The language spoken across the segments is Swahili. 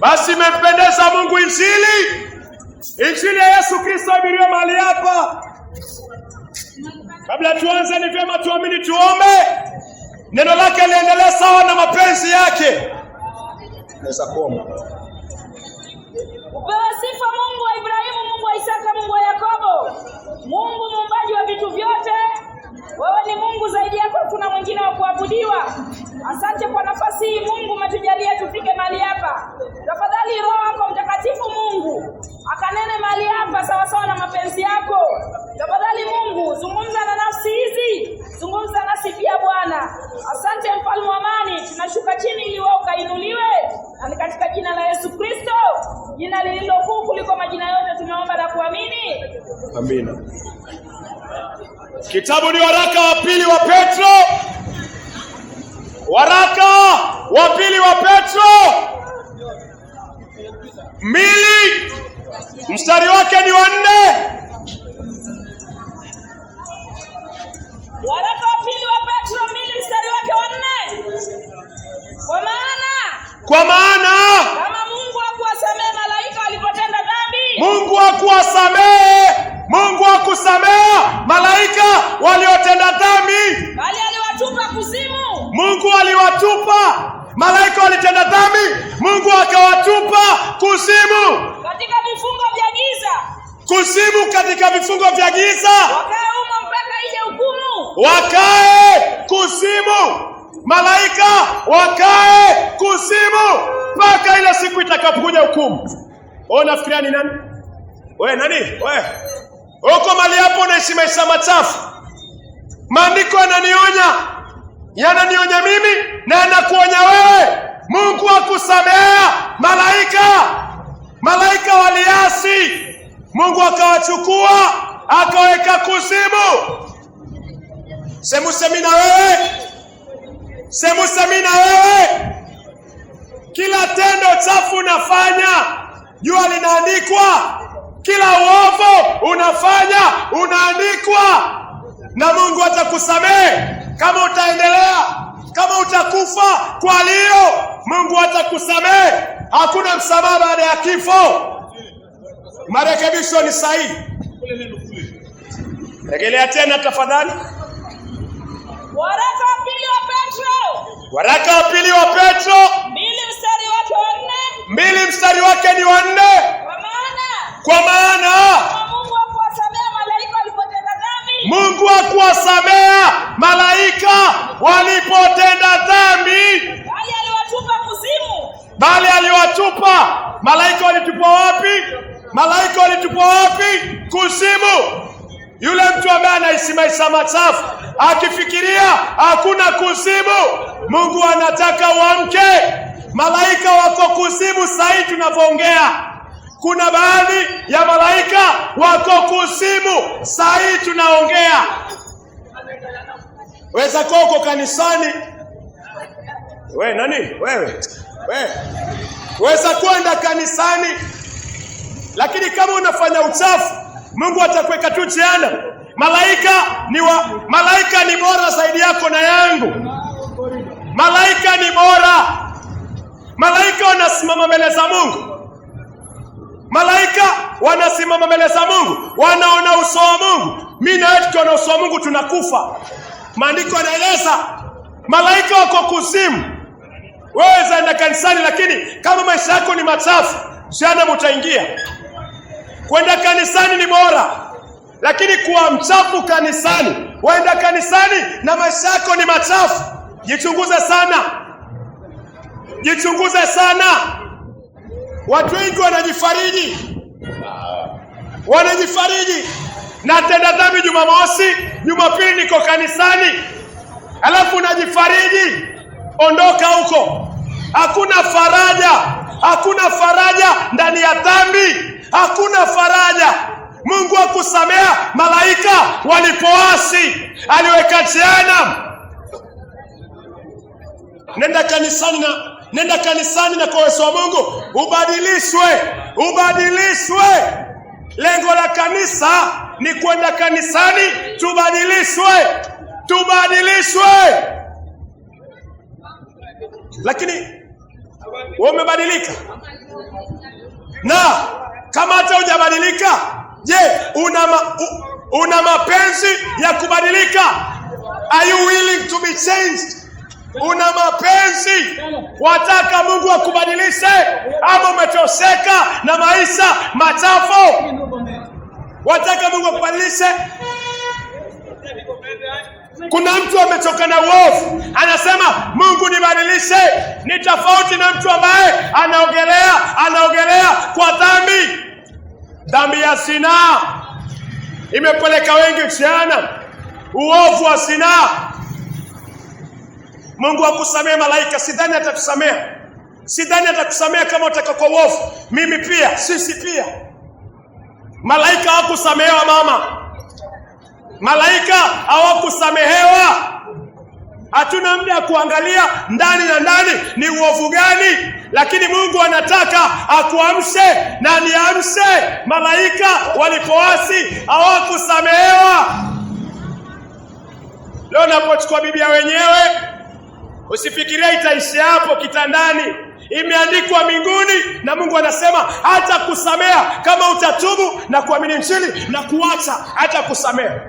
Basi imempendeza Mungu injili injili ya Yesu Kristo abiria mahali hapa. Kabla tuanze, ni vyema tuamini, tuombe neno lake liendelee sawa na mapenzi yake. Naweza kuomba. Upewe sifa Mungu wa Ibrahimu, Mungu wa Isaka, Mungu wa Yakobo, Mungu muumbaji wa vitu vyote. Wewe ni Mungu, zaidi yako hakuna mwingine wa kuabudiwa. Asante kwa nafasi hii Mungu kwamba sawasawa na mapenzi yako. Tafadhali Mungu, zungumza na nafsi hizi, zungumza nasi pia Bwana. Asante mfalme wa amani, tunashuka chini ili wewe ukainuliwe, na ni katika jina la Yesu Kristo, jina lililo kuu kuliko majina yote, tumeomba na kuamini, amina. Kitabu ni waraka wa pili wa Petro, waraka wa pili wa Petro mbili mstari wake ni wa nne. Waraka wa pili wa Petro mbili mstari wake wa nne. Kwa maana kwa maana kama Mungu akuwasamee malaika walipotenda dhambi, Mungu akuwasamee, Mungu akusamea malaika waliotenda dhambi, bali aliwatupa kuzimu. Mungu aliwatupa malaika walitenda dhambi, Mungu akawatupa kuzimu katika vifungo vya giza, kuzimu katika vifungo vya giza, wakae humo mpaka ije hukumu. Wakae kuzimu, malaika wakae kuzimu mpaka ile siku itakapokuja hukumu. Wewe unafikiria ni nani? Wewe nani? Wewe uko mali hapo unaishi maisha machafu. Maandiko yananionya yananionya mimi na yanakuonya wewe. Mungu akusamea, malaika Malaika waliasi, Mungu akawachukua akaweka kuzimu. Semuse na wewe, semuse na wewe. Kila tendo chafu unafanya jua linaandikwa, kila uovu unafanya unaandikwa, na Mungu atakusamehe kama utaendelea, kama utakufa kwa leo, Mungu atakusamehe. Hakuna msamaha baada ya kifo. Marekebisho ni sahihi. Rejelea tena tafadhali, waraka wa pili wa Petro, waraka wa pili wa Petro mbili mstari wake ni wa nne. Yule mtu ambaye anaisimamisha machafu akifikiria hakuna kuzimu, Mungu anataka uamke. Malaika wako kuzimu sahii hii tunavyoongea, kuna baadhi ya malaika wako kuzimu sahii tunaongea. Weza kuwa uko kanisani we nani wewe we, weza kwenda kanisani, lakini kama unafanya uchafu Mungu atakuweka tu cheana. Malaika ni wa, malaika ni bora zaidi yako na yangu. Malaika ni bora. Malaika wanasimama mbele za Mungu. Malaika wanasimama mbele za Mungu, wanaona uso wa Mungu. Mimi na wewe tukiona uso wa Mungu tunakufa. Maandiko yanaeleza malaika wako kuzimu. Wewe zaenda kanisani, lakini kama maisha yako ni machafu, jana mutaingia Kwenda kanisani ni bora, lakini kuwa mchafu kanisani, waenda kanisani na maisha yako ni machafu. Jichunguze sana, jichunguze sana. Watu wengi wanajifariji, wanajifariji na tenda dhambi. Jumamosi, Jumapili niko kanisani, alafu najifariji. Ondoka huko, hakuna faraja, hakuna faraja ndani ya dhambi hakuna faraja. Mungu akusamea malaika walipoasi, aliweka jehanamu. Nenda kanisani na nenda kanisani na kwa uwezo wa Mungu ubadilishwe, ubadilishwe. Lengo la kanisa ni kwenda kanisani tubadilishwe, tubadilishwe. Lakini wamebadilika na kama hata hujabadilika, je, una, ma, una mapenzi ya kubadilika? Are you willing to be changed? Una mapenzi wataka Mungu akubadilishe, ama umetoseka na maisha machafu? Wataka Mungu akubadilishe? Kuna mtu amechoka na uovu, anasema Mungu nibadilishe. Ni tofauti na mtu ambaye anaogelea anaogelea kwa dhambi. Dhambi ya sinaa imepeleka wengi sana uovu wa sinaa. Mungu akusamehe malaika, sidhani atakusamea sidhani atakusamea kama utaka kwa uovu. Mimi pia, sisi pia. Malaika hawakusamehewa mama, malaika hawakusamehewa Hatuna muda kuangalia ndani na ndani ni uovu gani, lakini Mungu anataka akuamshe na niamshe. Malaika walipoasi hawakusamehewa. Leo napochukua Biblia wenyewe, usifikirie itaishi hapo kitandani, imeandikwa mbinguni, na Mungu anasema hata kusamea kama utatubu na kuamini Injili na kuacha, hata kusamea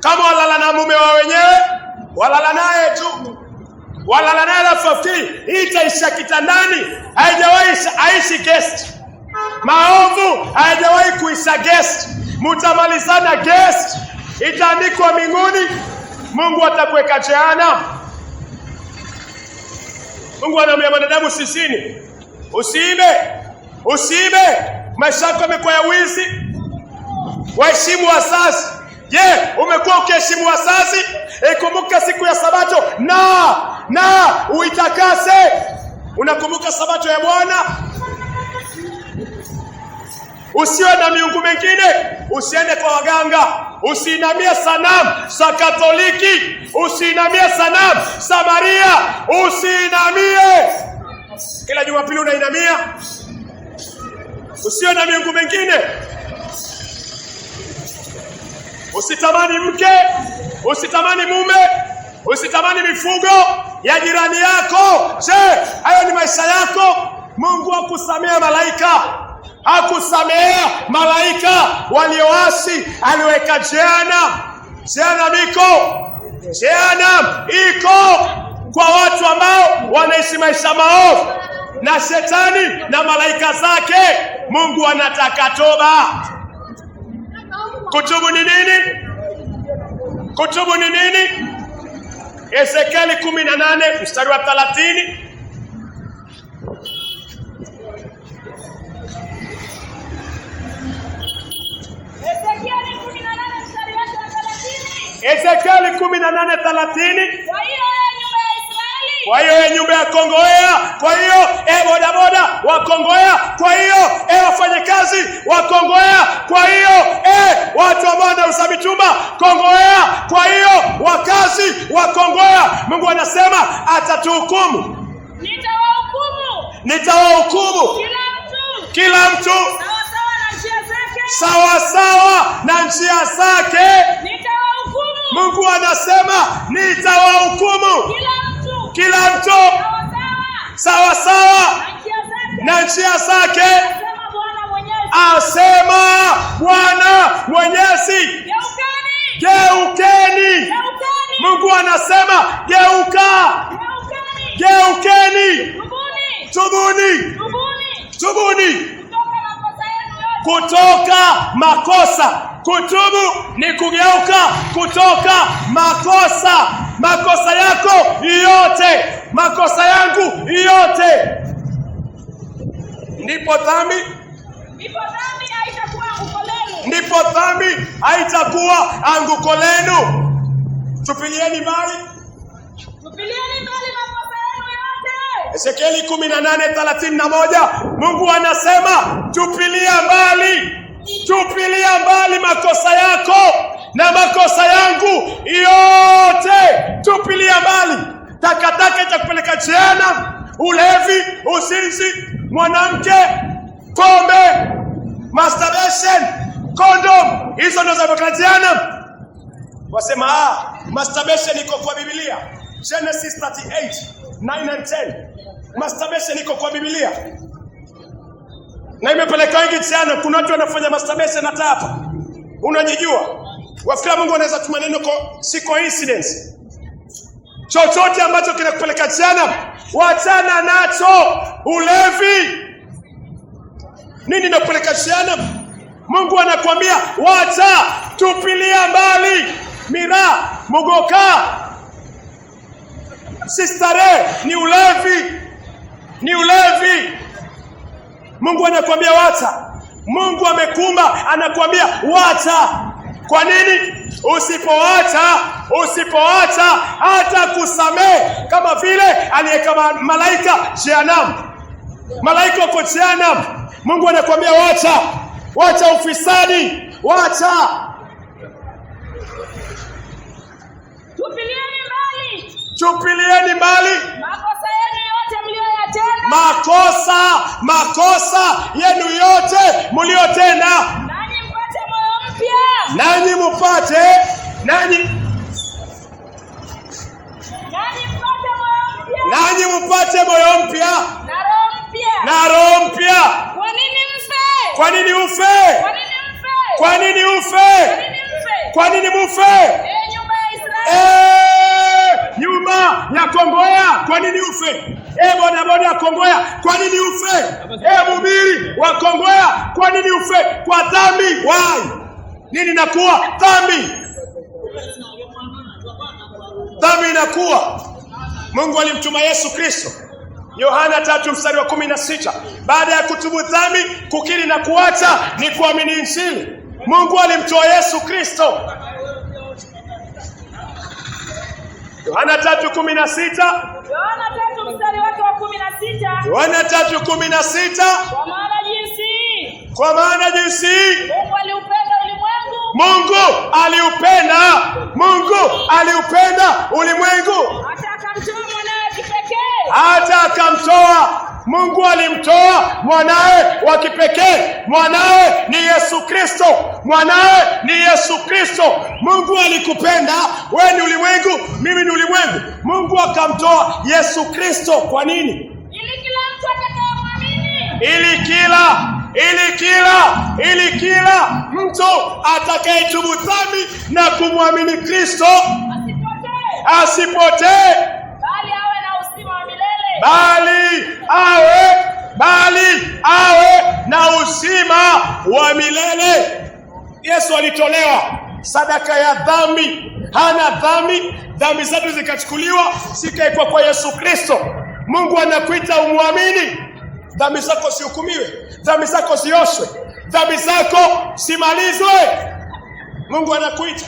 kama walala na mume wa wenyewe walala naye tu, walala naye alafu afikiri hii itaisha kitandani. Haijawahi aishi guest, maovu haijawahi kuisha guest. Mutamalizana guest, itaandikwa mbinguni. Mungu atakuweka jehanamu. Mungu anaambia mwanadamu sisini, usiibe, usiibe. Maisha yako yamekuwa ya wizi, waheshimu wazazi Je, yeah, umekuwa ukiheshimu wazazi? Ikumbuka eh, siku ya Sabato na na uitakase. Unakumbuka Sabato ya Bwana, usiwe na miungu mingine, usiende kwa waganga, usiinamie sanamu za Katoliki, usiinamie sanamu za Maria, usiinamie. Kila Jumapili unainamia, usiwe na miungu mingine Usitamani mke, usitamani mume, usitamani mifugo ya jirani yako. Je, hayo ni maisha yako? Mungu akusamea malaika, hakusamea malaika walioasi, aliweka jehanamu. Jehanamu iko, jehanamu iko kwa watu ambao wanaishi maisha maovu na shetani na malaika zake. Mungu anataka toba. Kutubuni nini? Kutubuni nini? Ezekieli kumi na nane mstari wa thelathini. Ezekieli kumi na nane thelathini. Kwa hiyo e, nyumba ya Kongowea, kwa hiyo e, bodaboda wa Kongowea, kwa hiyo e, wafanyakazi wa Kongowea, kwa hiyo e, watu ambao wanauza mitumba Kongowea, kwa hiyo wakazi wa Kongowea, Mungu anasema atatuhukumu. Nitawahukumu, nitawahukumu kila mtu, kila mtu sawa sawa na njia zake. Mungu anasema nitawahukumu kila mtu sawa sawa na njia zake, asema Bwana Mwenyezi. Geukeni, Mungu anasema geuka, geukeni, tubuni, tubuni kutoka makosa. Kutubu ni kugeuka kutoka makosa, makosa yako yote, makosa yangu yote, ndipo dhambi ndipo dhambi haitakuwa anguko lenu. Tupilieni mbali Ezekieli kumi na nane thelathini na moja Mungu anasema tupilia mbali, tupilia mbali makosa yako na makosa yangu yote, tupilia mbali. Takataka itakupeleka jiana ulevi, usinzi mwanamke, pombe, masturbation, kondom, hizo ndo zapeleka jehanamu. Wasema ah, masturbation iko kwa Biblia Genesis 9 and 10 Masturbation iko kwa Biblia na imepeleka wengi sana. Kuna watu wanafanya masturbation hata hapa, unajijua wafikira Mungu anaweza tuma neno si coincidence. Chochote ambacho kinakupeleka sana, wachana nacho. Ulevi nini nakupeleka sana? Mungu anakwambia wacha, tupilia mbali miraa mogoka, sistare ni ulevi ni ulevi. Mungu anakuambia wacha. Mungu amekumba anakuambia wacha. Kwa nini? Usipoacha, usipoacha hata kusamehe, kama vile aliyeka malaika Jehanamu, malaika wako Jehanamu. Mungu anakuambia wacha, wacha ufisadi, wacha tupilieni mbali, tupilieni mbali makosa yenu makosa makosa yenu yote mliotenda, nanyi mupate nanyi nanyi mpate moyo mpya na roho mpya. Kwa nini ufe? Kwa nini ufe? Kwa nini Kwa mufe? Ee nyumba ya Israeli ee! nyumba ya Kongoya, kwa nini ufe? E bodaboda ya Kongoya, kwa nini ufe? E mhubiri wa Kongoya, kwa nini ufe? Kwa dhambi wai nini nakuwa dhambi, dhambi inakuwa. Mungu alimtuma Yesu Kristo Yohana tatu mstari wa kumi na sita baada ya kutubu dhambi, kukiri na kuacha ni kuamini Injili. Mungu alimtoa Yesu Kristo Yohana tatu kumi na Yohana tatu kumi na sita kwa maana jinsi Mungu aliupenda Mungu aliupenda ulimwengu hata akamtoa Mungu alimtoa mwanawe wa kipekee, mwanawe ni Yesu Kristo, mwanawe ni Yesu Kristo. Mungu alikupenda wewe, ni ulimwengu, mimi ni ulimwengu. Mungu akamtoa Yesu Kristo. Kwa nini? Ili kila mtu ili kila ili kila ili kila mtu atakayetubu dhambi na kumwamini Kristo asipotee bali awe bali awe na uzima wa milele. Yesu alitolewa sadaka ya dhambi, hana dhambi, dhambi zetu zikachukuliwa, zikaekwa kwa Yesu Kristo. Mungu anakuita umwamini, dhambi zako sihukumiwe, dhambi zako zioshwe, dhambi zako simalizwe. Mungu anakuita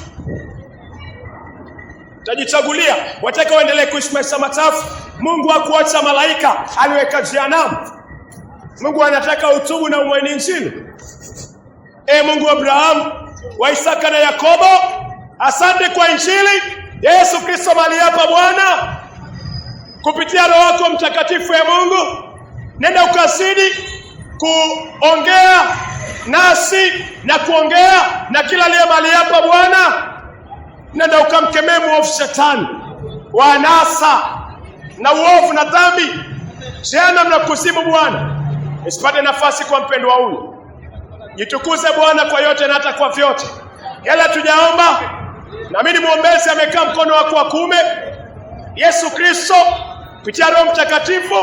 utajichagulia wataka waendelee kuishi maisha machafu. Mungu hakuacha malaika, aliweka jehanamu. Mungu anataka utubu na umwamini Injili. E Mungu wa Abrahamu, wa Isaka na Yakobo, asante kwa Injili Yesu Kristo mali hapa Bwana, kupitia Roho wako Mtakatifu ya Mungu, nenda ukazidi kuongea nasi na kuongea na kila aliye mali hapa Bwana nenda ukamkemee mwovu shetani wa anasa na uovu na dhambi. Jehanamu na kuzimu, Bwana isipate nafasi kwa mpendwa huyu. Jitukuze Bwana kwa yote na hata kwa vyote. Yala tujaomba na mimi ni mwombezi, amekaa mkono wako wa kuume, Yesu Kristo kupitia Roho Mtakatifu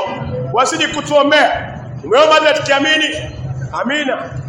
wazidi kutuombea. umeomba na tukiamini, amina.